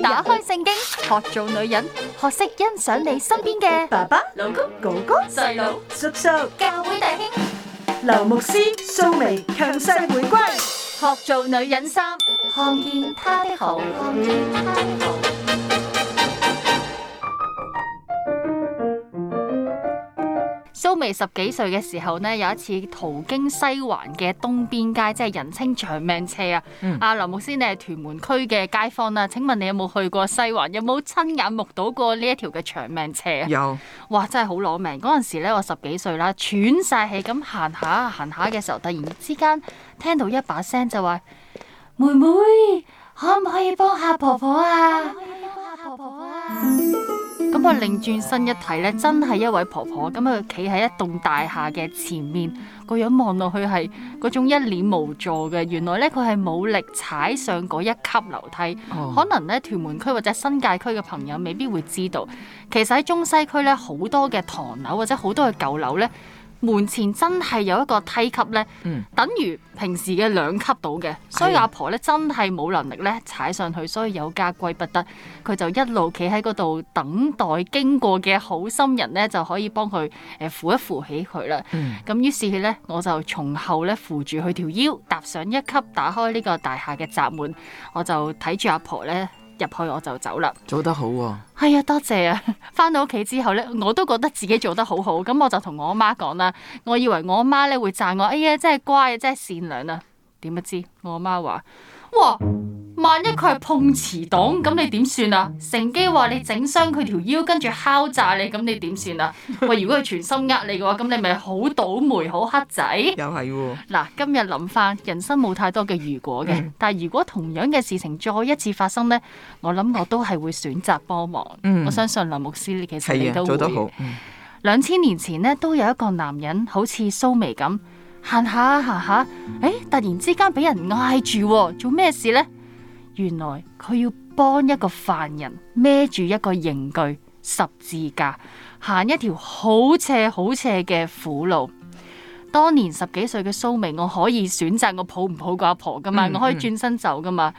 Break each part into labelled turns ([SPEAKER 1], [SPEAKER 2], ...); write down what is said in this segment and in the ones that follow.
[SPEAKER 1] 打開聖經，學做女人，學識欣賞你身邊嘅爸爸、老公、哥哥、細佬、叔叔、教會弟兄、劉牧師、蘇眉、強勢回歸。學做女人三，看見他的好。十幾歲嘅時候呢，有一次途經西環嘅東邊街，即係人稱長命斜啊。阿林牧師，你係屯門區嘅街坊啦，啊，請問你有冇去過西環？有冇親眼目睹過呢一條嘅長命斜啊？有，哇！真係好攞命！嗰陣時呢，我十幾歲啦，喘晒氣咁行下行下嘅時候，突然之間聽到一把聲就話：妹妹，可唔可以幫下婆婆啊？可，可以幫下婆婆啊！嗯咁啊，擰、嗯嗯嗯嗯、轉身一睇咧，真係一位婆婆，咁佢企喺一棟大廈嘅前面，個樣望落去係嗰種一臉無助嘅。原來咧，佢係冇力踩上嗰一級樓梯。哦、可能咧，屯門區或者新界區嘅朋友未必會知道，其實喺中西區咧，好多嘅唐樓或者好多嘅舊樓咧。門前真係有一個梯級呢、嗯、等於平時嘅兩級到嘅，所以阿婆咧、哎、呀真係冇能力咧踩上去，所以有家歸不得，佢就一路企喺嗰度等待經過嘅好心人咧就可以幫佢誒、呃、扶一扶起佢啦。咁、嗯、於是咧，我就從後咧扶住佢條腰，踏上一級，打開呢個大廈嘅閘門，我就睇住阿婆咧。入去我就走啦，
[SPEAKER 2] 做得好喎，
[SPEAKER 1] 係啊！哎呀，多謝啊！翻到屋企之後呢，我都覺得自己做得好好，咁我就同我阿媽講啦。我以為我阿媽呢會讚我，哎呀，真係乖啊，真係善良啊！點不知我阿媽話，哇！萬一佢係碰瓷黨，咁你點算啊？乘機話你整傷佢條腰，跟住敲詐你，咁你點算啊？喂，如果佢全心呃你嘅話，咁你咪好倒霉，好黑仔又係喎。嗱、哦，今日諗翻人生冇太多嘅如果嘅，嗯、但係如果同樣嘅事情再一次發生呢，我諗我都係會選擇幫忙。嗯、我相信林牧師，其實你都會兩千、啊嗯、年前呢，都有一個男人好似蘇眉咁行下行下，誒、欸，突然之間俾人嗌住做咩事呢？原來佢要幫一個犯人孭住一個刑具十字架，行一條好斜好斜嘅苦路。當年十幾歲嘅蘇明，我可以選擇我抱唔抱個阿婆噶嘛，嗯嗯、我可以轉身走噶嘛。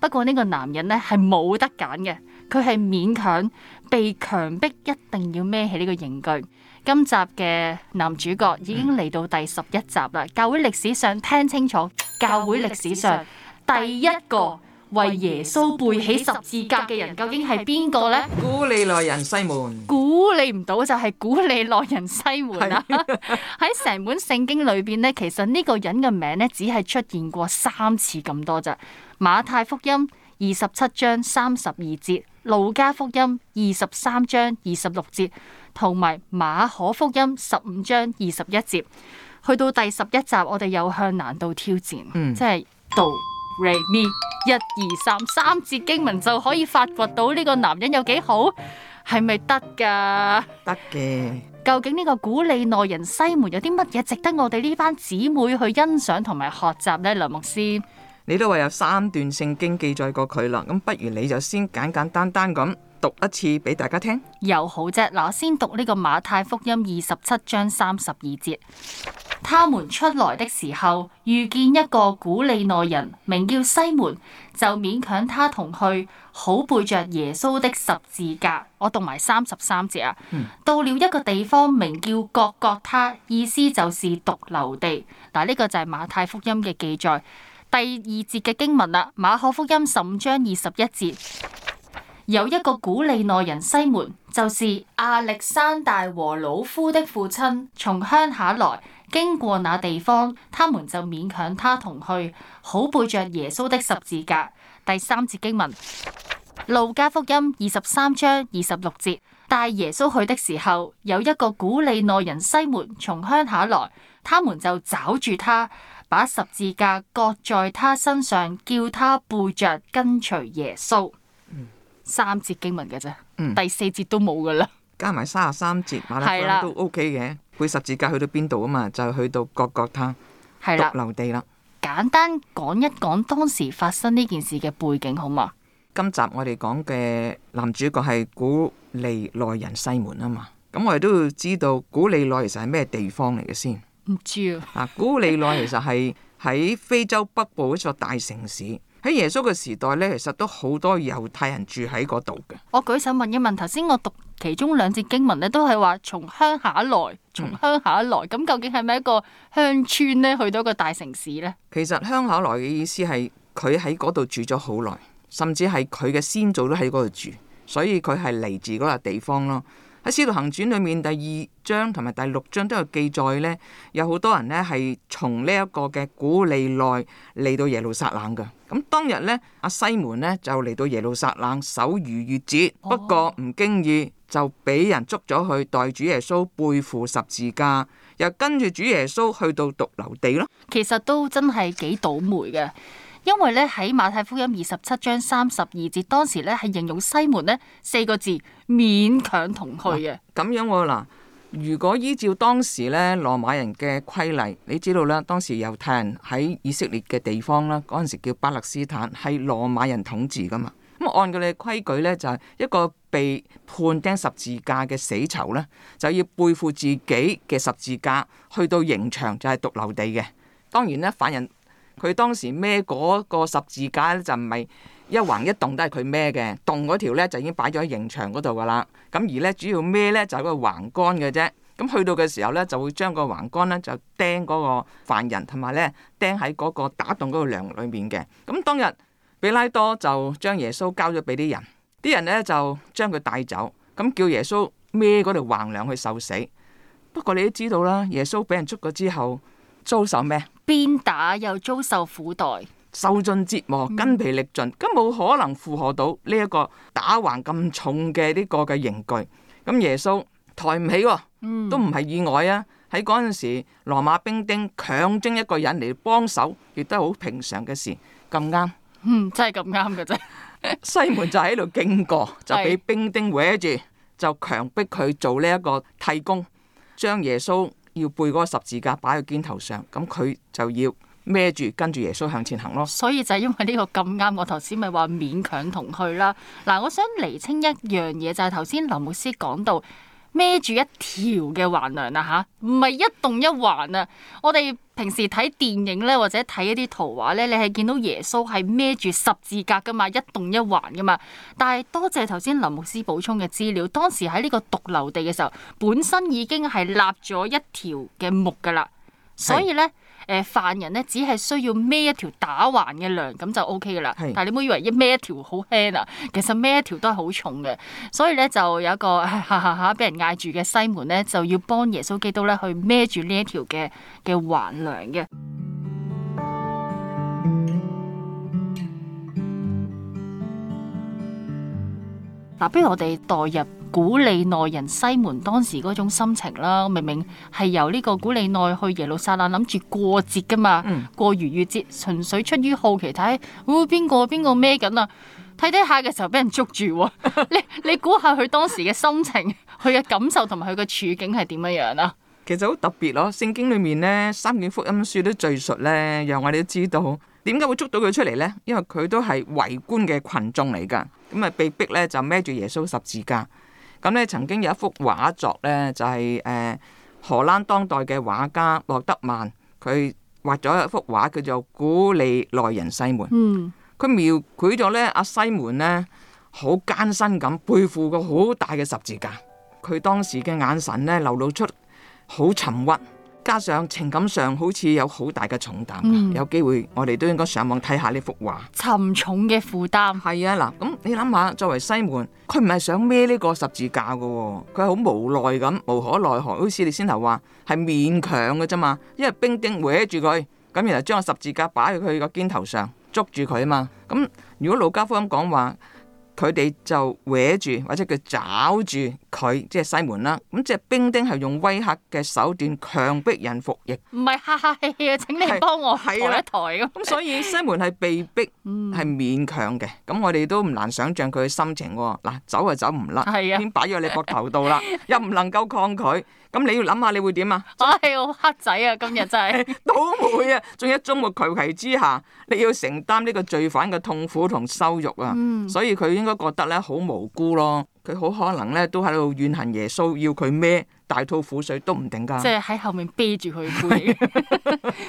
[SPEAKER 1] 不過呢個男人呢係冇得揀嘅，佢係勉強被強迫一定要孭起呢個刑具。今集嘅男主角已經嚟到第十一集啦。嗯、教會歷史上聽清楚，教會歷史上第一個。為耶穌背起十字架嘅人究竟係邊個呢？古
[SPEAKER 2] 利奈人西門。
[SPEAKER 1] 估你唔到就係、是、古利奈人西門啦。喺成是 本聖經裏邊呢，其實呢個人嘅名呢，只係出現過三次咁多咋。馬太福音二十七章三十二節，路加福音二十三章二十六節，同埋馬可福音十五章二十一節。去到第十一集，我哋有向難度挑戰，嗯、即係道。Raymi，一、二、三，三節經文就可以發掘到呢個男人有幾好，係咪得噶？得嘅的。究竟呢個古利奈人西門有啲乜嘢值得
[SPEAKER 2] 我哋呢班姊妹去欣賞同埋學習呢？梁牧師，你都話有三段聖經記載過佢啦，咁不如你就先簡簡單單咁。讀一次俾大家聽，
[SPEAKER 1] 又好啫。嗱，我先讀呢、這個馬太福音二十七章三十二節，他們出來的時候，遇見一個古利奈人，名叫西門，就勉強他同去，好背着耶穌的十字架。我讀埋三十三節啊。嗯、到了一個地方，名叫各各他，意思就是髑髏地。嗱，呢個就係、是、馬太福音嘅記載第二節嘅經文啦。馬可福音十五章二十一節。有一個古利奈人西門，就是亞歷山大和魯孚的父親，從鄉下來經過那地方，他們就勉強他同去，好背着耶穌的十字架。第三節經文，路加福音二十三章二十六節，帶耶穌去的時候，有一個古利奈人西門從鄉下來，他們就抓住他，把十字架擱在他身上，叫他背着跟隨耶穌。三節經文嘅啫，第四節都
[SPEAKER 2] 冇噶啦。加埋三十三節，馬拉都 OK 嘅。背十字架去到邊度吖嘛？就去到各各他。
[SPEAKER 1] 係啦，髑髏
[SPEAKER 2] 地啦。簡單講一講當時發生呢件事嘅背景好嘛？今集我哋講嘅男主角係古利奈人西門啊嘛。咁我哋都要知道古利奈其實係咩地方嚟嘅先。唔知啊。啊，古利奈其實係喺非洲北部一座大城市。喺耶穌嘅時代咧，其實都好多猶太人住喺嗰度嘅。
[SPEAKER 1] 我舉手問一問，頭先我讀其中兩節經文咧，都係話從鄉下來，從鄉下來。咁、嗯、究竟係咪一個鄉村咧，去到一個大城市咧？
[SPEAKER 2] 其實鄉下來嘅意思係佢喺嗰度住咗好耐，甚至係佢嘅先祖都喺嗰度住，所以佢係嚟自嗰個地方咯。喺《使徒行傳》裏面第二章同埋第六章都有記載咧，有好多人咧係從呢一個嘅古利奈嚟到耶路撒冷㗎。咁當日咧，阿西門咧就嚟到耶路撒冷守逾越節，哦、不過唔經意就俾人捉咗去代主耶穌背負十字架，又跟住主耶穌去到髑髏地咯。其實都真係幾倒霉嘅，
[SPEAKER 1] 因為咧喺馬太福音二十七章三十二節，當時咧係形容西門呢四個字勉
[SPEAKER 2] 強同去嘅。咁、啊、樣喎嗱。如果依照當時咧羅馬人嘅規例，你知道啦，當時猶太人喺以色列嘅地方啦，嗰陣時叫巴勒斯坦，係羅馬人統治噶嘛。咁按佢哋嘅規矩呢，就係一個被判釘十字架嘅死囚呢，就要背負自己嘅十字架去到刑場，就係髑髏地嘅。當然呢，犯人佢當時孭嗰個十字架咧，就唔係。一橫一棟都係佢孭嘅，棟嗰條咧就已經擺咗喺刑場嗰度噶啦。咁而咧主要孭咧就係個橫杆嘅啫。咁去到嘅時候咧，就會將個橫杆咧就釘嗰個犯人，同埋咧釘喺嗰個打洞嗰個梁裏面嘅。咁當日比拉多就將耶穌交咗俾啲人，啲人咧就將佢帶走，咁叫耶穌孭嗰條橫梁去受死。不過你都知道啦，耶穌俾人捉咗之後遭受咩？鞭打又遭受苦待。受盡折磨，筋疲力盡，咁冇可能負荷到呢一個打橫咁重嘅呢個嘅刑具。咁耶穌抬唔起、哦，都唔係意外啊！喺嗰陣時，羅馬兵丁強徵一個人嚟幫手，亦都係好平常嘅事。咁啱，嗯，真係咁啱嘅啫。 西門就喺度經過，就俾兵丁圍住，就強迫佢做呢一個替工，將耶穌要背嗰十字架擺喺肩頭上，咁佢就要。孭住跟住耶穌向前行咯，所以就係因為呢個咁
[SPEAKER 1] 啱，我頭先咪話勉強同去啦。嗱，我想釐清一樣嘢，就係頭先林牧師講到孭住一條嘅橫梁啊，吓，唔係一棟一橫啊。我哋平時睇電影咧，或者睇一啲圖畫咧，你係見到耶穌係孭住十字架噶嘛，一棟一橫噶嘛。但係多謝頭先林牧師補充嘅資料，當時喺呢個髑髏地嘅時候，本身已經係立咗一條嘅木噶啦，所以咧。誒、呃、犯人咧，只係需要孭一條打橫嘅梁咁就 OK 噶啦。是但係你唔好以為一孭一條好輕啊，其實孭一條都係好重嘅。所以咧就有一個哈哈哈俾人嗌住嘅西門咧，就要幫耶穌基督咧去孭住呢一條嘅嘅橫梁嘅。 嗱，不如我哋代入古利奈人西門當時嗰種心情啦，明明係由呢個古利奈去耶路撒冷諗住過節噶嘛，過逾越節，純粹出於好奇睇，哇，邊個邊個咩緊啊？睇睇下嘅時候俾人捉住，你你估下佢當時嘅心情、佢嘅感受同埋佢嘅處境係點樣樣啊？
[SPEAKER 2] 其實好特別咯，聖經裡面咧三卷福音書啲敘述咧，讓我哋都知道。點解會捉到佢出嚟呢？因為佢都係圍觀嘅群眾嚟㗎，咁啊被逼咧就孭住耶穌十字架。咁咧曾經有一幅畫作呢、就是，就係誒荷蘭當代嘅畫家洛德曼，佢畫咗一幅畫叫做《古里奈人西門》。嗯，佢描佢咗咧阿西門呢，好艱辛咁背負個好大嘅十字架，佢當時嘅眼神咧流露出好沉鬱。加上情感上好似有好大嘅重擔，嗯、有機會我哋都應該上網睇下呢幅畫。
[SPEAKER 1] 沉重嘅負擔係啊嗱，咁
[SPEAKER 2] 你諗下，作為西門，佢唔係想孭呢個十字架嘅喎，佢係好無奈咁，無可奈何，好似你先頭話係勉強嘅啫嘛。因為兵丁搲住佢，咁然後將個十字架擺喺佢個肩頭上，捉住佢啊嘛。咁如果老家福咁講話，佢哋就搲住或者叫抓住。佢即係西門啦，咁即係兵丁係用威嚇嘅手段強迫人服役，
[SPEAKER 1] 唔係客氣啊！請你幫我抬一抬咁，
[SPEAKER 2] 所以西門係被逼係、嗯、勉強嘅，咁我哋都唔難想象佢嘅心情喎。嗱，走就走唔甩，的先擺咗你膊頭度啦， 又唔能夠抗拒，咁你要諗下，你會點啊？唉，好黑仔啊，今日真係， 倒霉啊！仲有一種嘅求其之下，你要承擔呢個罪犯嘅痛苦同羞辱啊，嗯、所以佢應該覺得咧好無辜咯。佢好可能咧，都喺度怨恨耶穌要佢孭。大吐苦水都唔定㗎，即係
[SPEAKER 1] 喺後面啤住佢嘅背。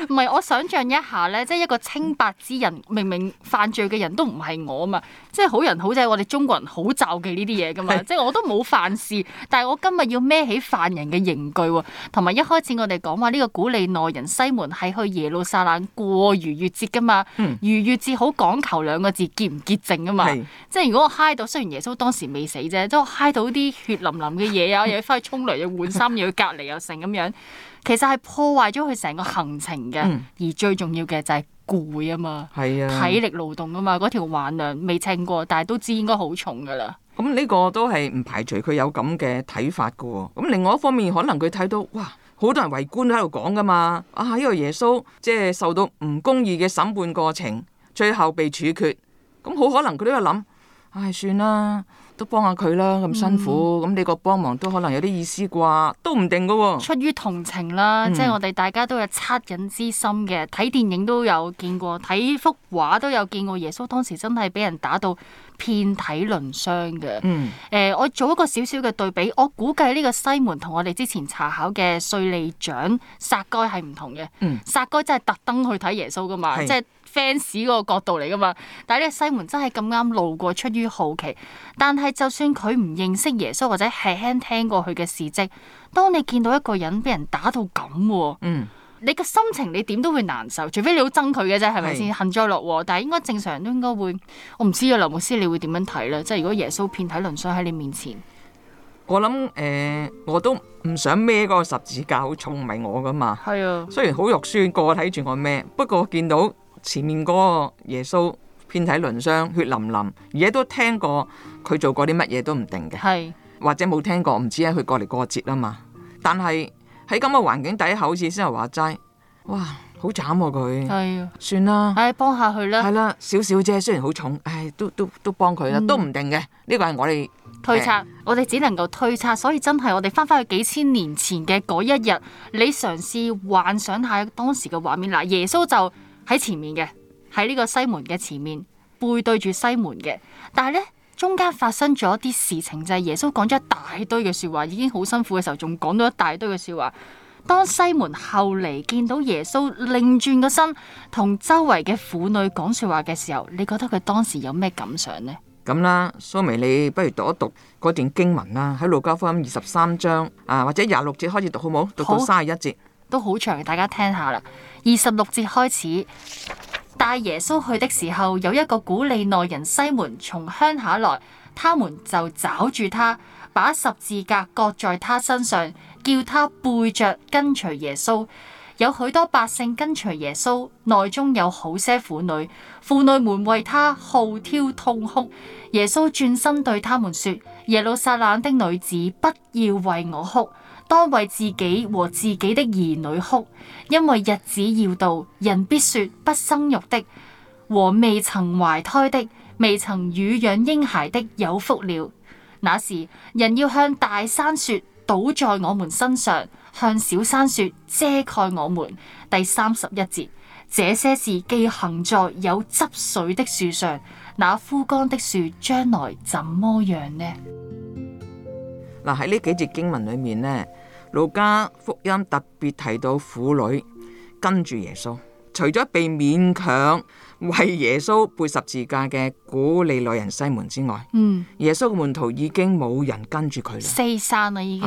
[SPEAKER 1] 唔係我想象一下咧，即係一個清白之人，明明犯罪嘅人都唔係我嘛。即係好人好姐我哋中國人好罩忌呢啲嘢㗎嘛。即係 我都冇犯事，但係我今日要孭起犯人嘅刑具喎。同埋一開始我哋講話呢個古利奈人西門係去耶路撒冷過逾越節㗎嘛。嗯。逾越節好講求兩個字潔唔潔淨㗎嘛。是即係如果我揩到，雖然耶穌當時未死啫，都揩到啲血淋淋嘅嘢啊，又要翻去沖涼又心，又要隔離，又成咁樣， 其實係破壞咗佢成個行程嘅。嗯、而最重要嘅就係攰啊嘛，
[SPEAKER 2] 啊體力
[SPEAKER 1] 勞動啊嘛，嗰條橫梁未稱過，但係都知應該好重噶啦。
[SPEAKER 2] 咁呢、嗯、個都係唔排除佢有咁嘅睇法噶。咁另外一方面，可能佢睇到哇，好多人圍觀喺度講噶嘛。啊，呢個耶穌即係受到唔公義嘅審判過程，最後被處決。咁好可能佢都喺度諗，唉、哎，算啦。都幫下佢啦，咁辛苦，咁、嗯、你個幫忙都可能有啲意思啩？都唔定噶喎、哦。出
[SPEAKER 1] 於同情啦，嗯、即係我哋大家都有惻隱之心嘅。睇電影都有見過，睇幅畫都有見過。耶穌當時真係俾人打到遍體鱗傷嘅。誒、嗯欸，我做一個少少嘅對比，我估計呢個西門同我哋之前查考嘅稅吏長撒該係唔同嘅。嗯。撒該真係特登去睇耶穌噶嘛？是即係。fans 嗰個角度嚟噶嘛？但係呢個西門真係咁啱路過，出於好奇。但係就算佢唔認識耶穌，或者係輕輕聽過佢嘅事跡，當你見到一個人俾人打到咁，嗯，你嘅心情你點都會難受。除非你好憎佢嘅啫，係咪先？幸災樂禍，但係應該正常人都應該會。我唔知啊，劉牧師你會點樣睇咧？即係如果耶穌遍體鱗傷喺你面前，
[SPEAKER 2] 我諗誒、呃，我都唔想孭嗰個十字架好重，唔係我噶嘛。係啊，雖然好肉酸，個個睇住我孭，不過我見到。前面嗰個耶穌遍體鱗傷，血淋淋，而家都聽過佢做過啲乜嘢都唔定嘅，係是或者冇聽過，唔知係佢過嚟過節啊嘛。但係喺咁嘅環境底下，好似先係話齋，哇，好慘佢，係的算啦了，唉、哎，幫下佢啦，係啦，少少啫，雖然好重，唉、哎，都都都幫佢啦，都唔、嗯、定嘅呢、呢個係我哋推測，冊哎、
[SPEAKER 1] 我哋只能夠推測，所以真係我哋翻翻去幾千年前嘅嗰一日，你嘗試幻想下當時嘅畫面嗱，耶穌就喺前面嘅，喺呢個西門嘅前面背對住西門嘅，但係呢，中間發生咗啲事情，就係、是、耶穌講咗一大堆嘅說話，已經好辛苦嘅時候，仲講到一大堆嘅說話。當西門後嚟見到耶穌擰轉個身，同周圍嘅婦女講說話嘅時候，你覺得佢當時有咩感想呢？
[SPEAKER 2] 咁啦，蘇眉你不如讀一讀嗰段經文啦、啊，喺路加福音二十三章啊，或者廿六節開始讀好冇？讀到三十一節
[SPEAKER 1] 好都好長，大家聽下啦。二十六節開始，帶耶穌去的時候，有一個古利奈人西門從鄉下來，他們就找住他，把十字架擱在他身上，叫他背着跟隨耶穌。有許多百姓跟隨耶穌，內中有好些婦女，婦女們為他號啕痛哭。耶穌轉身對他們說：耶路撒冷的女子，不要為我哭。當為自己和自己的兒女哭，因為日子要到，人必說不生育的和未曾懷胎的、未曾乳養嬰孩的有福了。那時人要向大山說倒在我們身上，向小山說遮蓋我們。第三十一節，這些事既行在有汁水的樹上，那枯乾的樹將來怎麼樣呢？
[SPEAKER 2] 嗱，喺呢幾節經文裏面呢，路加福音特別提到婦女跟住耶穌，除咗被勉強為耶穌背十字架嘅古利奈人西門之外，嗯，耶穌嘅門徒已經冇人跟住佢啦，四
[SPEAKER 1] 散啦已經。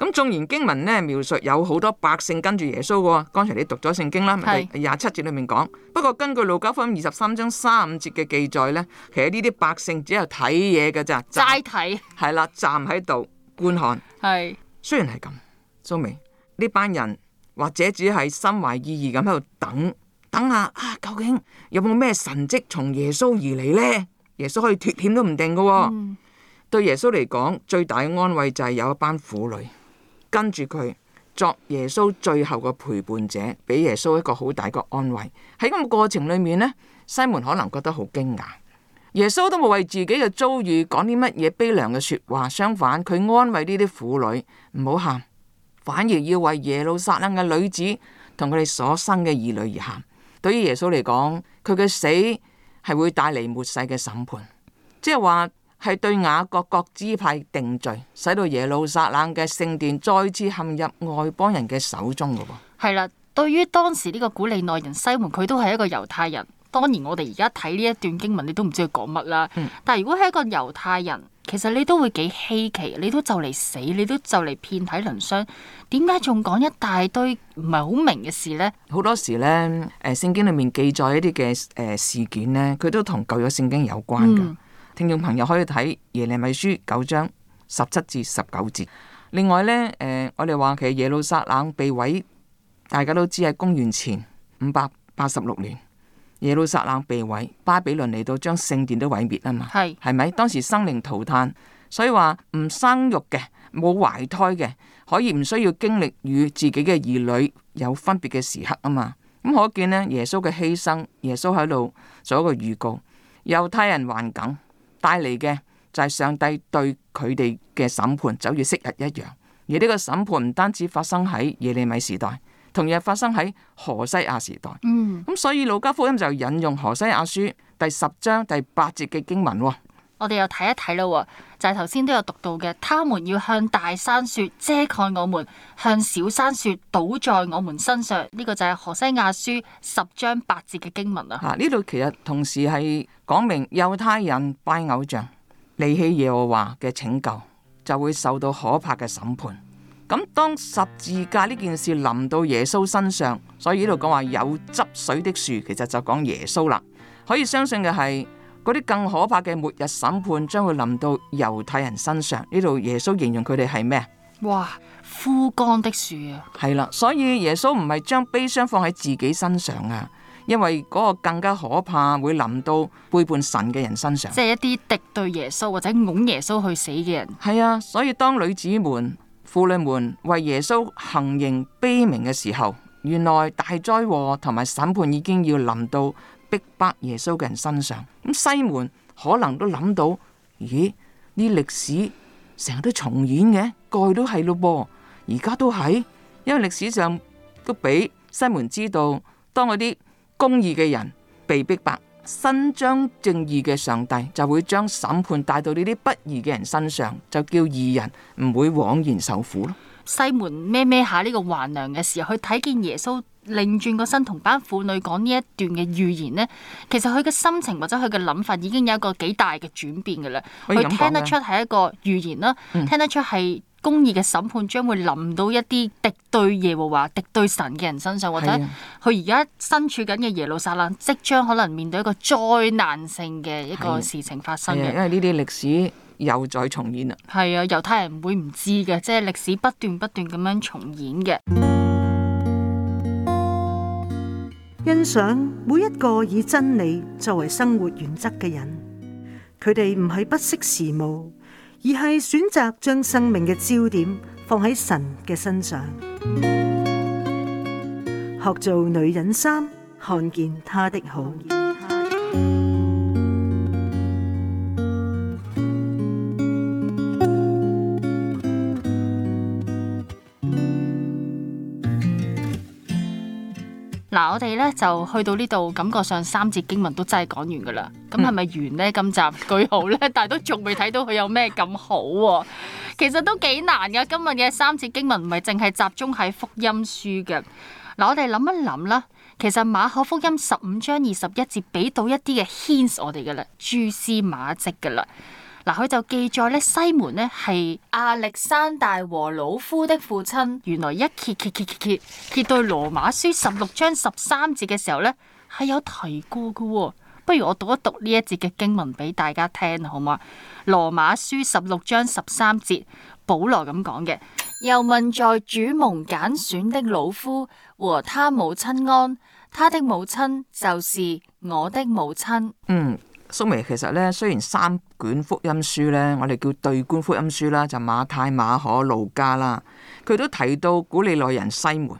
[SPEAKER 2] 咁縱然經文呢描述有好多百姓跟住耶穌嘅喎，剛才你讀咗聖經啦，咪廿七節裏面講。不過根據路加福音二十三章三五節嘅記載呢，其實呢啲百姓只有睇嘢嘅咋，齋睇係啦，站喺度。看觀看係，是雖然係咁，蘇明呢班人或者只係心懷意義咁喺度等，等下啊，究竟有冇咩神蹟從耶穌而嚟呢？耶穌可以脫險都唔定噶、哦。嗯、對耶穌嚟講，最大嘅安慰就係有一班婦女跟住佢，作耶穌最後嘅陪伴者，俾耶穌一個好大個安慰。喺咁嘅過程裏面呢，西門可能覺得好驚訝。耶穌都冇為自己嘅遭遇講啲乜嘢悲涼嘅說話，相反佢安慰呢啲婦女唔好喊，反而要為耶路撒冷嘅女子同佢哋所生嘅兒女而喊。對於耶穌嚟講，佢嘅死係會帶嚟末世嘅審判，即係話係對雅各各支派定罪，使到耶路撒冷嘅聖殿再次陷入外邦人嘅手中嘅喎。係啦，對於
[SPEAKER 1] 當時呢個古利奈人西門，佢都係一個猶太人。當然，我哋而家睇呢一段經文，你都唔知佢講乜啦。嗯、但係如果係一個猶太人，其實你都會幾稀奇，你都就嚟死，
[SPEAKER 2] 你都就嚟遍體鱗傷，點解仲講一大堆唔係好明嘅事呢？好多時咧，誒聖經裏面記載一啲嘅誒事件呢，佢都同舊約聖經有關嘅。嗯、聽眾朋友可以睇耶利米書九章十七至十九節。另外呢，誒、呃、我哋話其實耶路撒冷被毀，大家都知係公元前五百八十六年。耶路撒冷被毀，巴比倫嚟到將聖殿都毀滅啊嘛，係咪是？當時生靈塗炭，所以話唔生育嘅，冇懷胎嘅，可以唔需要經歷與自己嘅兒女有分別嘅時刻啊嘛。咁可見呢，耶穌嘅犧牲，耶穌喺度做一個預告，猶太人還梗帶嚟嘅就係上帝對佢哋嘅審判，就如昔日一樣。而呢個審判唔單止發生喺耶利米時代。同樣發生喺何西亞時代。嗯，咁所以《路加福音》就引用何西亞書第十章第八節嘅經文。我哋
[SPEAKER 1] 又睇一睇啦，就
[SPEAKER 2] 係頭先都有讀到嘅，他們要向大
[SPEAKER 1] 山說遮蓋我們，向小山說倒在我們身上。呢、這個就係何西亞書十章八節嘅經文啦。嚇、啊，
[SPEAKER 2] 呢度其實同時係講明猶太人拜偶像、離棄耶和華嘅拯救，就會受到可怕嘅審判。咁當十字架呢件事臨到耶穌身上，所以呢度講話有汁水的樹，其實就講耶穌啦。可以相信嘅係嗰啲更可怕嘅末日審判將會臨到猶太人身上。呢度耶穌形容佢哋係咩？
[SPEAKER 1] 哇，枯乾的樹啊，
[SPEAKER 2] 係啦。所以耶穌唔係將悲傷放喺自己身上啊，因為嗰個更加可怕會臨到背叛神嘅人身上，即係一啲敵對耶穌或者㧬耶穌去死嘅人。係啊。所以當女子們。婦女們為耶穌行刑悲鳴嘅時候，原來大災禍同埋審判已經要臨到逼迫耶穌嘅人身上。咁西門可能都諗到，咦？呢歷史成日都重演嘅，過去都係咯噃，而家都係，因為歷史上都俾西門知道，當嗰啲公義嘅人被逼迫。新張正義嘅上帝就會將審判帶到呢啲不義嘅人身上，就叫義人唔會枉然受苦咯。
[SPEAKER 1] 西門孭孭下呢個橫梁嘅時候，佢睇見耶穌擰轉個身同班婦女講呢一段嘅預言呢，其實佢嘅心情或者佢嘅諗法已經有一個幾大嘅轉變噶啦。佢聽得出係一個預言啦，聽得出係。嗯公義嘅審判將會臨到一啲敵對耶和華、敵對神嘅人身上，或者佢而家身處緊嘅耶路撒冷，即將可能面對一個災難性嘅一個事情發生嘅，因為呢
[SPEAKER 2] 啲歷史又再重演啦。
[SPEAKER 1] 係啊，猶太人唔會唔知嘅，即係歷史不斷不斷咁樣重演嘅。欣賞每一個以真理作為生活原則嘅人，佢哋唔係不識時務。而係選擇將生命嘅焦點放喺神嘅身上，學做女人衫，看見祂的好。嗱，我哋咧就去到呢度，感覺上三節經文都真係講完噶啦。咁係咪完呢？今集句號呢，但係都仲未睇到佢有咩咁好喎，啊。其實都幾難嘅。今日嘅三節經文唔係淨係集中喺福音書嘅。嗱，我哋諗一諗啦。其實馬可福音十五章二十一節俾到一啲嘅 hints 我哋嘅啦，蛛絲馬跡嘅啦。嗱，佢就記載咧，西門呢係亞歷山大和老夫的父親。原來一揭揭揭揭揭，揭，揭，揭到羅馬書十六章十三節嘅時候呢，係有提過嘅，哦。不如我讀一讀呢一節嘅經文俾大家聽，好唔好啊？羅馬書十六章十三節，保羅咁講嘅，又問在主蒙揀選的老夫和他母親安，他的母親就是我的母親。
[SPEAKER 2] 嗯。蘇眉，其實咧，雖然三卷福音書咧，我哋叫對觀福音書啦，就是，馬太、馬可、路加啦，佢都提到古利奈人西門，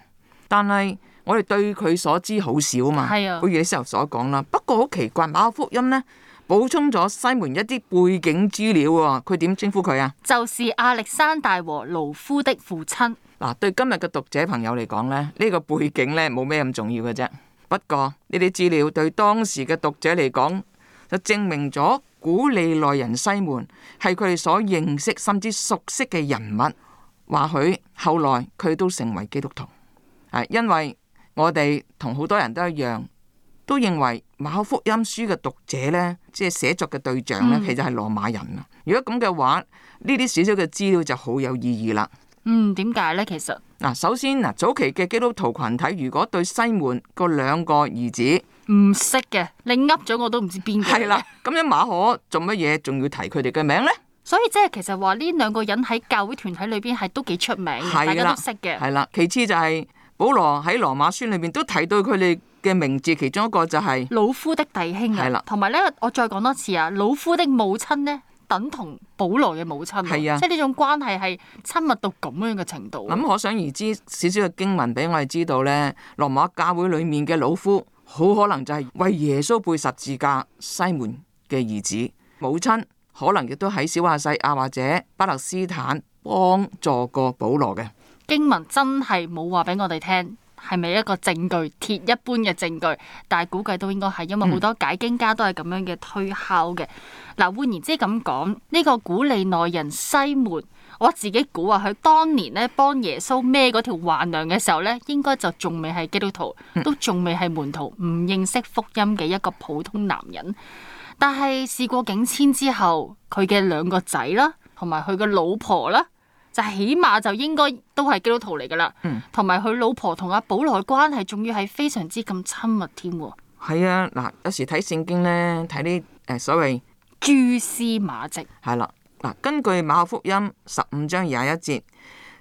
[SPEAKER 2] 但係我哋對佢所知好少啊嘛。係啊，好似你之後所講啦。不過好奇怪，馬可福音咧補充咗西門一啲背景資料喎。佢點稱呼佢啊？
[SPEAKER 1] 就是亞歷山大和
[SPEAKER 2] 盧夫的父親。嗱、啊，對今日嘅讀者朋友嚟講咧，呢、這個背景咧冇咩咁重要嘅啫。不過呢啲資料對當時嘅讀者嚟講，就證明咗古利奈人西門係佢哋所認識甚至熟悉嘅人物，或許後來佢都成為基督徒。啊，因為我哋同好多人都一樣，都認為馬可福音書嘅讀者呢，即係寫作嘅對象呢，其實係羅馬人啦。嗯、如果咁嘅話，呢啲少少嘅資料就好有意義啦。嗯，點解呢？其實嗱，首先嗱，早期嘅基督徒群體如果對西門嗰兩個兒子唔識嘅，你噏咗我都唔知邊個係啦。咁樣馬可做乜嘢？仲要提佢哋嘅名咧？
[SPEAKER 1] 所以即係其實話呢兩個人喺教會團體裏
[SPEAKER 2] 邊係都幾出名，的大家都識嘅。係啦，其次就係保羅喺羅馬書裏邊都提到佢哋嘅名字，其中一個就係、是、老夫的弟兄、啊。係啦的，同埋咧，我再講多次
[SPEAKER 1] 啊，老夫的母親咧等同保羅嘅母親。係啊，的即係呢種關係係親密
[SPEAKER 2] 到咁樣嘅程度。咁可想而知，少少嘅經文俾我哋知道咧，羅馬教會裏面嘅老夫。好可能就係為耶穌背十字架西門嘅兒子，母親可能亦都喺小亞細亞或者巴勒斯坦幫助過保羅，嘅
[SPEAKER 1] 經文真係冇話俾我哋聽，係咪一個證據鐵一般嘅證據？但係估計都應該係因為好多解經家都係咁樣嘅推敲嘅。嗱，換言之咁講，呢個古利奈人西門。我自己估啊，佢當年咧幫耶穌孭嗰條橫梁嘅時候咧，應該就仲未係基督徒，都仲未係門徒，唔認識福音嘅一個普通男人。但係事過境遷之後，佢嘅兩個仔啦，同埋佢嘅老婆啦，就起碼就應該都係基督徒嚟噶啦。嗯，同埋佢老婆同阿保羅關係，仲要係非常之咁親密添。
[SPEAKER 2] 係啊，嗱，有時睇聖經咧，睇啲誒所謂
[SPEAKER 1] 蛛絲馬跡。
[SPEAKER 2] 係啦。根據馬可福音十五章廿一節，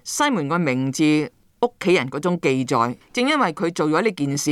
[SPEAKER 2] 西門個名字屋企人嗰種記載，正因為佢做咗呢件事，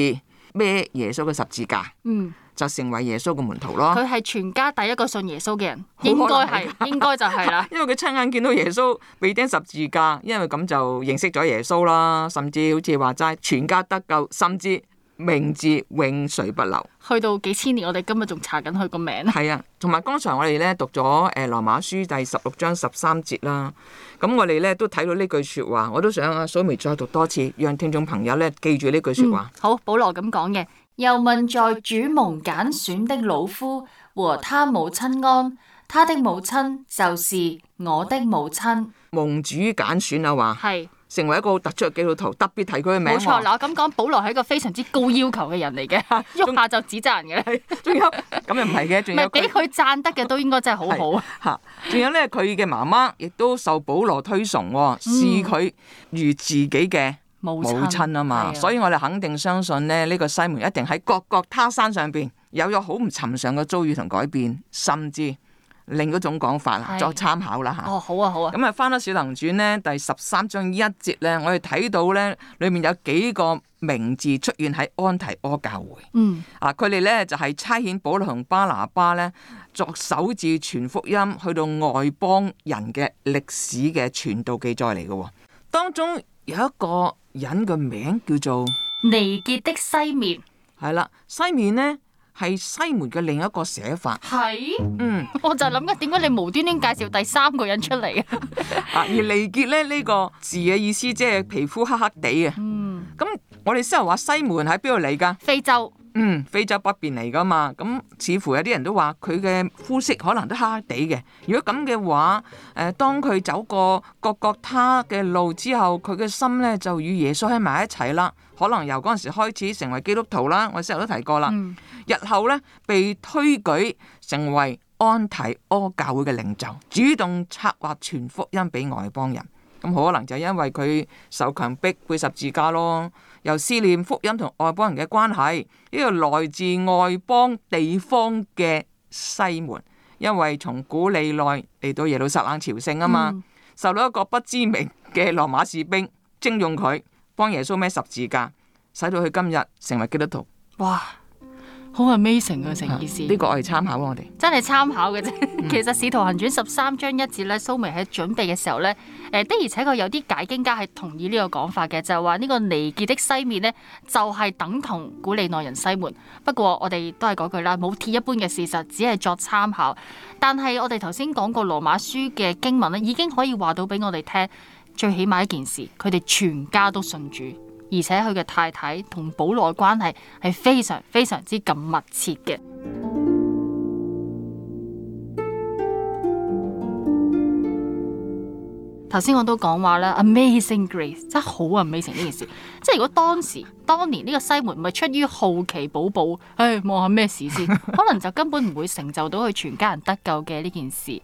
[SPEAKER 2] 孭耶穌嘅十字架，嗯，就成為耶穌嘅門徒咯。佢係全家第
[SPEAKER 1] 一個信耶穌嘅人，應該係應該就係
[SPEAKER 2] 啦。 因為佢親眼見到耶穌被釘十字架，因為咁就認識咗耶穌啦，甚至好似話齋，全家得救，甚至。名字永垂不朽，去到幾千年，我哋
[SPEAKER 1] 今日仲查緊佢個名。係 啊，同
[SPEAKER 2] 埋剛才我哋咧讀咗《誒、呃、羅馬書》第十六章十三節啦，咁我哋咧都睇到呢句說話，我都想阿蘇眉再讀多次，讓聽眾朋友咧記住呢句說話。好，
[SPEAKER 1] 保羅咁講嘅，又問在主蒙揀選的老夫和他母
[SPEAKER 2] 親安，他的
[SPEAKER 1] 母親就是我的母
[SPEAKER 2] 親。蒙主揀選啊，話係。成為一個好突出嘅基督徒，特別提佢嘅名。冇錯，嗱，我
[SPEAKER 1] 咁講，保羅係一個非常之高要求嘅人嚟嘅，喐下就指責人嘅咧。仲
[SPEAKER 2] 有咁又唔係嘅，仲係俾佢讚得嘅都應該
[SPEAKER 1] 真係好好。吓 ，
[SPEAKER 2] 仲有咧，佢嘅媽媽亦都受保羅推崇，嗯、視佢如自己嘅
[SPEAKER 1] 母親啊嘛。的所
[SPEAKER 2] 以我哋肯定相信咧，呢、這個西門一定喺各各他山上邊，有咗好唔尋常嘅遭遇同改變，甚至……另一種講法啦，是作參考啦嚇。哦，好啊，好啊。咁啊，翻到《小能傳》咧，第十三章一節咧，我哋睇到咧，裏面有幾個名字出現喺安提阿教會。嗯。啊，佢哋咧就係差遣保羅同巴拿巴咧，作首次傳福音，去到外邦人嘅歷史嘅傳道記載嚟嘅喎。當中有一個人嘅名叫做尼結的西面。係啦，西面咧。係西門嘅另一個寫法。係是，
[SPEAKER 1] 嗯，我就諗緊點解你無端端介紹第三個人出嚟
[SPEAKER 2] 啊？啊， 而尼結咧呢個字嘅意思即係皮膚黑黑地嘅。嗯，咁我哋先人話西門喺邊度嚟㗎？非洲。嗯，非洲北邊嚟㗎嘛。咁似乎有啲人都話佢嘅膚色可能都黑黑地嘅。如果咁嘅話，誒、呃，當佢走過各各他嘅路之後，佢嘅心咧就與耶穌喺埋一齊啦。可能由嗰陣時開始成為基督徒啦，我先頭都提過啦。日後咧被推舉成為安提阿教會嘅領袖，主動策劃傳福音俾外邦人。咁可能就因為佢受強逼背十字架咯，又思念福音同外邦人嘅關係。呢個來自外邦地方嘅西門，因為從古利奈嚟到耶路撒冷朝聖啊嘛，受到一個不知名嘅羅馬士兵徵用佢。幫耶穌孭十字架，使到佢今日成為基督徒，哇，好 amazing 啊！成件事呢個我係參考我哋，
[SPEAKER 1] 真係參考嘅啫。 其實《使徒行傳》十三章一節咧，蘇眉喺準備嘅時候咧，誒、呃、的而且確有啲解經家係同意呢個講法嘅，就係話呢個尼結的西面呢，就係、是、等同古利奈人西門。不過我哋都係嗰句啦，冇鐵一般嘅事實，只係作參考。但係我哋頭先講過羅馬書嘅經文咧，已經可以話到俾我哋聽。最起碼一件事，佢哋全家都信主，而且佢嘅太太同保羅嘅關係係非常非常之咁密切嘅。頭先 我都講話啦 ，Amazing Grace 真係好 Amazing 呢件事， 即係如果當時當年呢個西門唔係出於好奇寶寶，唉、哎，望下咩事先，可能就根本唔會成就到佢全家人得救嘅呢件事。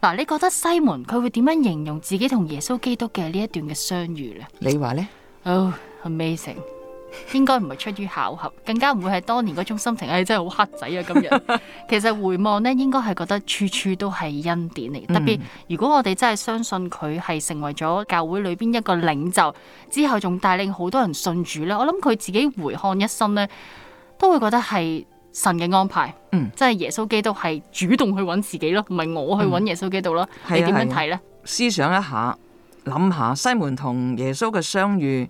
[SPEAKER 1] 嗱，你覺得西門佢會點樣形容自己同耶穌基督嘅呢一段嘅相遇呢？你話呢？哦，amazing，應該唔係出於巧合，更加唔會係當年嗰種心情。哎，真係好黑仔啊！今日，其實回望呢，應該係覺得處處都係恩典嚟。特別如果我哋真係相信佢係成為咗教會裏邊一個領袖之後，仲帶領好多人信主咧，我諗佢自己回看一生呢，都會覺得係。神嘅安排，嗯，即係耶穌基督係主動去揾自己咯，唔係我去揾耶穌基督咯，嗯、你點樣睇呢、啊
[SPEAKER 2] 啊？思想一下，諗下西門同耶穌嘅相遇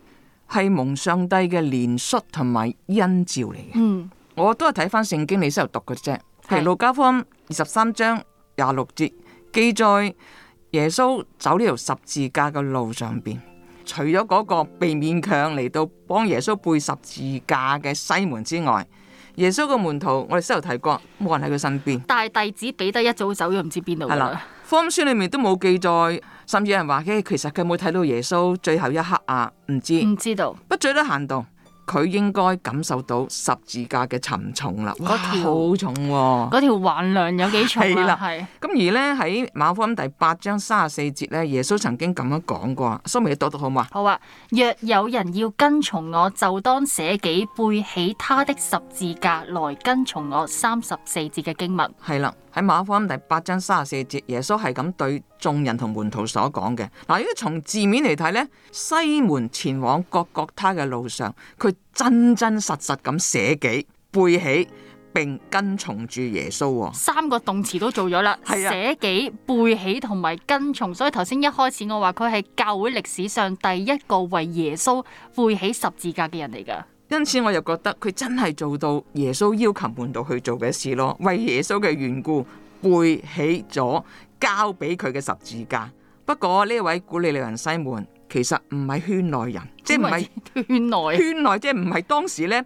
[SPEAKER 2] 係蒙上帝嘅憐恤同埋恩召嚟嘅。嗯，我都係睇翻聖經，你先頭讀嘅啫。係路加福音二十三章廿六節記載耶穌走呢條十字架嘅路上邊，除咗嗰個被勉強嚟到幫耶穌背十字架嘅西門之外。耶穌嘅門徒，我哋先有提過冇人喺佢身邊，但係弟子彼得一早走咗，唔知邊度啊。係啦，福音書裏面都冇記載，甚至有人話：其實佢冇睇到耶穌最後一刻啊，唔知。唔知道。不值得行動。佢應該感受到十字架嘅沉重啦，嗰哇條好哇重喎、啊，嗰條橫梁有
[SPEAKER 1] 幾重啊？係
[SPEAKER 2] 咁了是而咧喺馬可福音第八章三十四節咧，耶穌曾經咁樣講過，蘇明，你讀讀好嘛？好啊，若有人要跟從我，就當捨己背起他的十字架來跟從我。三十四節嘅經文係啦，喺馬可福音第八章三十四節，耶穌係咁對。眾人同門徒所講嘅，嗱，如果從字面嚟睇呢，西門前往各各他嘅路上，佢真真實實咁寫記背起，並跟從住耶穌。三
[SPEAKER 1] 個動詞都做咗啦，寫、 啊、記背起同埋跟從。所以頭先一開始我話佢係教會歷史上第一個為耶穌背起十字架嘅人嚟噶。
[SPEAKER 2] 因此我又覺得佢真係做到耶穌要求門徒去做嘅事咯，為耶穌嘅緣故背起咗。交俾佢嘅十字架。不過呢位古利奈人西門其實唔係圈內人，即係唔係圈內內，圈內 即係唔係當時咧誒、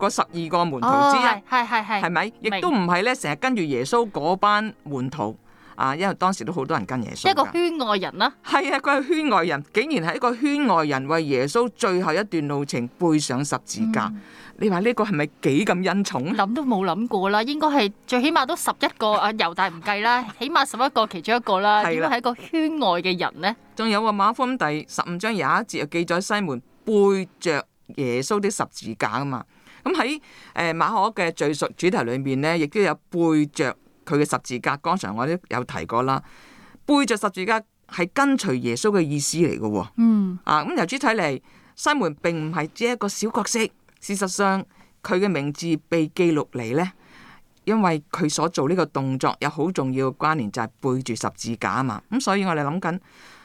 [SPEAKER 2] 呃、十二個門徒之一，
[SPEAKER 1] 係係係，係咪？吧白亦都唔係
[SPEAKER 2] 咧，成日跟住耶穌嗰班門徒。啊！因為當時都好多人跟耶穌，一個圈外人啦。係啊，佢係圈外人，竟然係一個圈外人為耶穌最後一段路程背上十字架。你話呢個係咪幾咁恩寵？諗都冇諗過啦，應該係最起碼都十一個啊，猶大唔計啦，起碼十一個其中一個啦，應該係一個圈外嘅人呢？仲有啊，馬可第十五章廿一節又記載西門背著耶穌啲十字架啊嘛。咁喺誒馬可嘅敘述主題裏面呢，亦都有背著。佢嘅十字架，剛才我都有提過啦。背着十字架係跟隨耶穌嘅意思嚟嘅喎。嗯。啊，咁由此睇嚟，西門並唔係只一個小角色。事實上，佢嘅名字被記錄嚟呢，因為佢所做呢個動作有好重要嘅關聯，就係、是、背住十字架啊嘛。咁、嗯、所以我哋諗緊，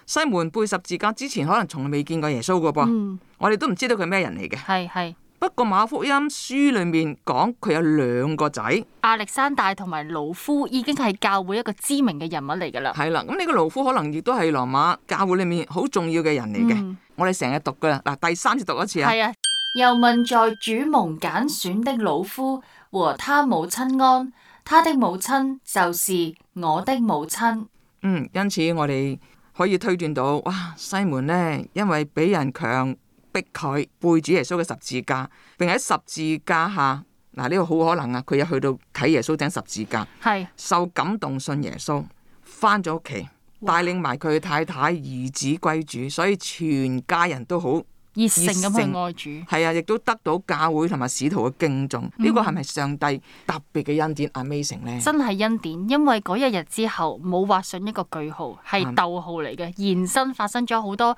[SPEAKER 2] 西門背十字架之前，可能從未見過耶穌嘅噃。嗯、我哋都唔知道佢咩人嚟嘅。係係。不過馬福音書裏面講佢有兩個仔，
[SPEAKER 1] 亞歷山大同埋盧夫已經
[SPEAKER 2] 係教會一個知名嘅人物嚟噶啦。係啦，咁呢個盧夫可能亦都係羅馬教會裏面好重要嘅人嚟嘅。嗯，我哋成日讀噶啦，嗱第三次讀一次啊。係啊，
[SPEAKER 1] 又問在主蒙揀選的盧夫和他母親安，他的母親就
[SPEAKER 2] 是我的母親。嗯，因此我哋可以推斷到，哇，西門呢，因為比人強。逼佢背主耶穌嘅十字架，並喺十字架下嗱呢、呢個好可能啊！佢又去到睇耶穌頂十字架，係是受感動信耶穌，翻咗屋企帶領埋佢太太兒子歸主，所以全家人都好熱誠咁去愛主，係啊！亦都得到教會同埋使徒嘅敬重。呢、嗯、個係咪上帝特別嘅恩典？Amazing 咧、嗯，真
[SPEAKER 1] 係恩典，因為嗰一日之後冇畫上一個句號，係逗號嚟嘅延伸，發生咗好多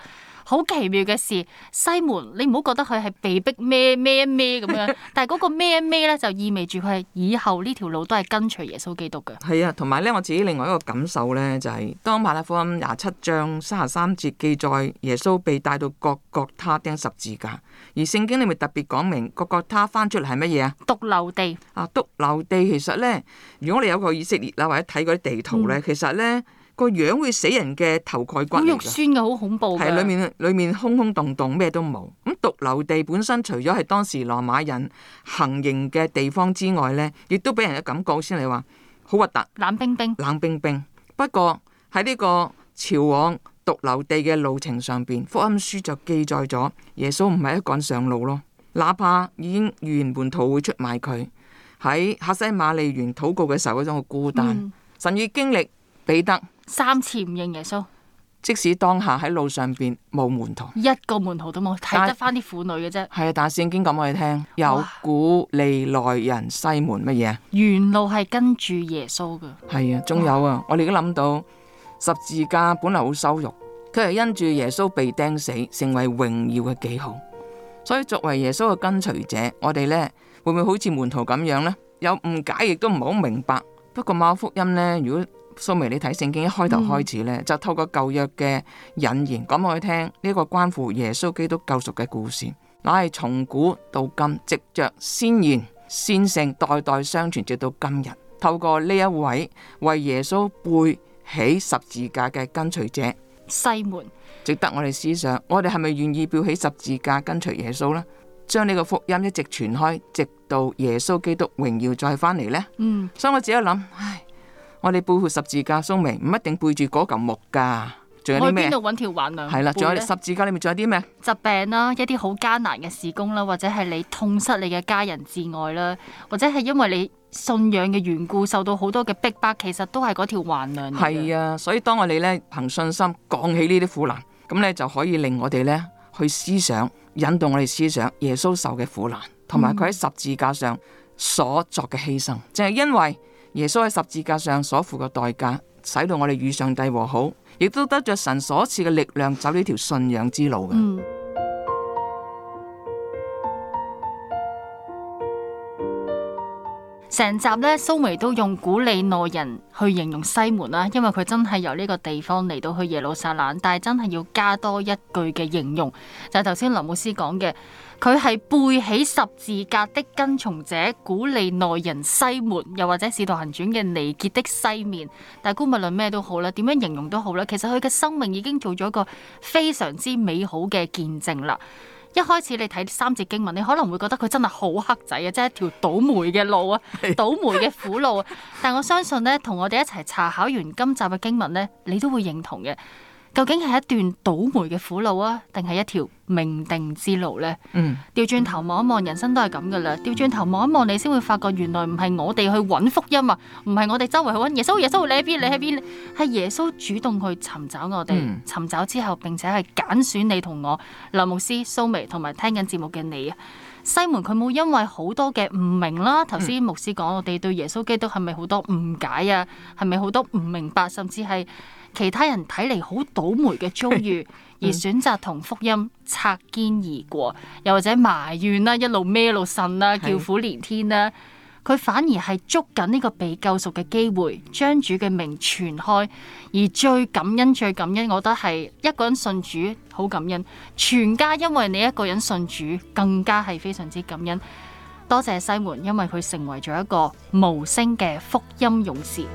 [SPEAKER 1] 好奇妙嘅事，西門，你唔好覺得佢係被逼咩咩咩咁樣，但係嗰個咩咩咧， 就意味住佢係以後呢條路都係跟隨耶穌基督嘅。
[SPEAKER 2] 係啊，同埋咧，我自己另外一個感受咧、就是，就係當馬太福音廿七章三十三節記載耶穌被帶到各各他釘十字架，而聖經咧咪特別講明各各他翻出嚟係乜嘢啊？髑髏地啊，髑髏地其實咧，如果你有去以色列啦，或者睇嗰啲地圖咧，嗯、其實咧。個樣會死人嘅頭蓋骨，肉酸
[SPEAKER 1] 嘅好恐怖。係裏面
[SPEAKER 2] 裏面空空洞洞，咩都冇。咁獨留地本身除咗係當時羅馬人行刑嘅地方之外呢，亦都俾人嘅感覺先嚟話好核突，冷冰冰，冷冰冰。不過喺呢個朝往獨留地嘅路程上邊，福音書就記載咗耶穌唔係一個人上路咯，哪怕已經預言門徒會出賣佢喺客西馬尼園禱告嘅時候嗰種嘅孤單，嗯、甚至經歷彼,彼得。三次唔認耶穌，即使當下喺路上邊冇門徒，
[SPEAKER 1] 一個門徒都冇，睇得翻啲婦女嘅啫。
[SPEAKER 2] 係啊，但聖經講我哋聽，有古利奈人西門乜嘢，
[SPEAKER 1] 原路係跟住耶穌嘅。
[SPEAKER 2] 係啊，仲有啊，哇我哋而家諗到十字架本來好羞辱，佢係因住耶穌被釘死，成為榮耀嘅記號。所以作為耶穌嘅跟隨者，我哋呢會唔會好似門徒咁樣呢？有誤解亦都唔好明白。不過馬福音呢，如果蘇眉，你睇聖經一開頭開始呢，嗯、就透過舊約嘅引言講我哋聽呢、這個關乎耶穌基督救贖嘅故事，乃係從古到今，藉着先賢先聖代代相傳，直到今日。透過呢一位為耶穌背起十字架嘅跟隨者西門，值得我哋思想，我哋係咪願意背起十字架跟隨耶穌呢？將呢個福音一直傳開，直到耶穌基督榮耀再返嚟呢。嗯，所以我自己諗，唉。我哋背負十字架，蘇明唔一定背住嗰嚿木噶，仲有啲咩？我邊度揾條橫梁？係啦，仲有十
[SPEAKER 1] 字架裏面仲有啲咩？疾病啦、啊，一啲好艱難嘅事工啦，或者係你痛失你嘅家人摯愛啦，或者係因為你信仰嘅緣故受到好多嘅逼迫，迫，其實
[SPEAKER 2] 都係嗰條橫梁嚟嘅。係啊，所以當我哋咧憑信心扛起呢啲苦難，咁咧就可以令我哋咧去思想，引導我哋思想耶穌受嘅苦難，同埋佢喺十字架上所作嘅犧牲，正係、嗯、因為。耶穌喺十字架上所付嘅代價，使到我哋與上帝和好，亦都得着神所賜嘅力量，走呢條信仰之路嘅。嗯
[SPEAKER 1] 成集咧，蘇維都用古利奈人去形容西門啦，啊，因為佢真係由呢個地方嚟到去耶路撒冷，但係真係要加多一句嘅形容，就係頭先林牧師講嘅，佢係背起十字架的跟從者，古利奈人西門，又或者《使徒行傳》嘅尼結的西面，但係姑勿論咩都好啦，點樣形容都好啦，其實佢嘅生命已經做咗一個非常之美好嘅見證啦。一開始你睇三節經文，你可能會覺得佢真係好黑仔啊，即係一條倒楣嘅路啊，倒楣嘅苦路啊。但我相信咧，同我哋一齊查考完今集嘅經文咧，你都會認同嘅。究竟係一段倒霉嘅苦路啊，定係一條命定之路咧？嗯，調轉頭望一望，人生都係咁噶啦。調轉頭望一望，你先會發覺，原來唔係我哋去揾福音啊，唔係我哋周圍去揾耶穌，耶穌你喺邊，你喺邊，係、嗯、耶穌主動去尋找我哋，嗯、尋找之後，並且係揀選你同我，林牧師、蘇眉同埋聽緊節目嘅你啊！西門佢冇因為好多嘅唔明啦，頭先牧師講我哋對耶穌基督係咪好多誤解啊，係咪好多唔明白，甚至係其他人睇嚟，好倒霉嘅遭遇，而選擇同福音擦肩而過，又或者埋怨啦，一路孭一路呻啦，叫苦連天啦。佢反而係捉緊呢個被救贖嘅機會，將主嘅名傳開。而最感恩、最感恩，我覺得係一個人信主好感恩，全家因為你一個人信主，更加係非常之感恩。多謝西門，因為佢成為咗一個無聲嘅福音勇士。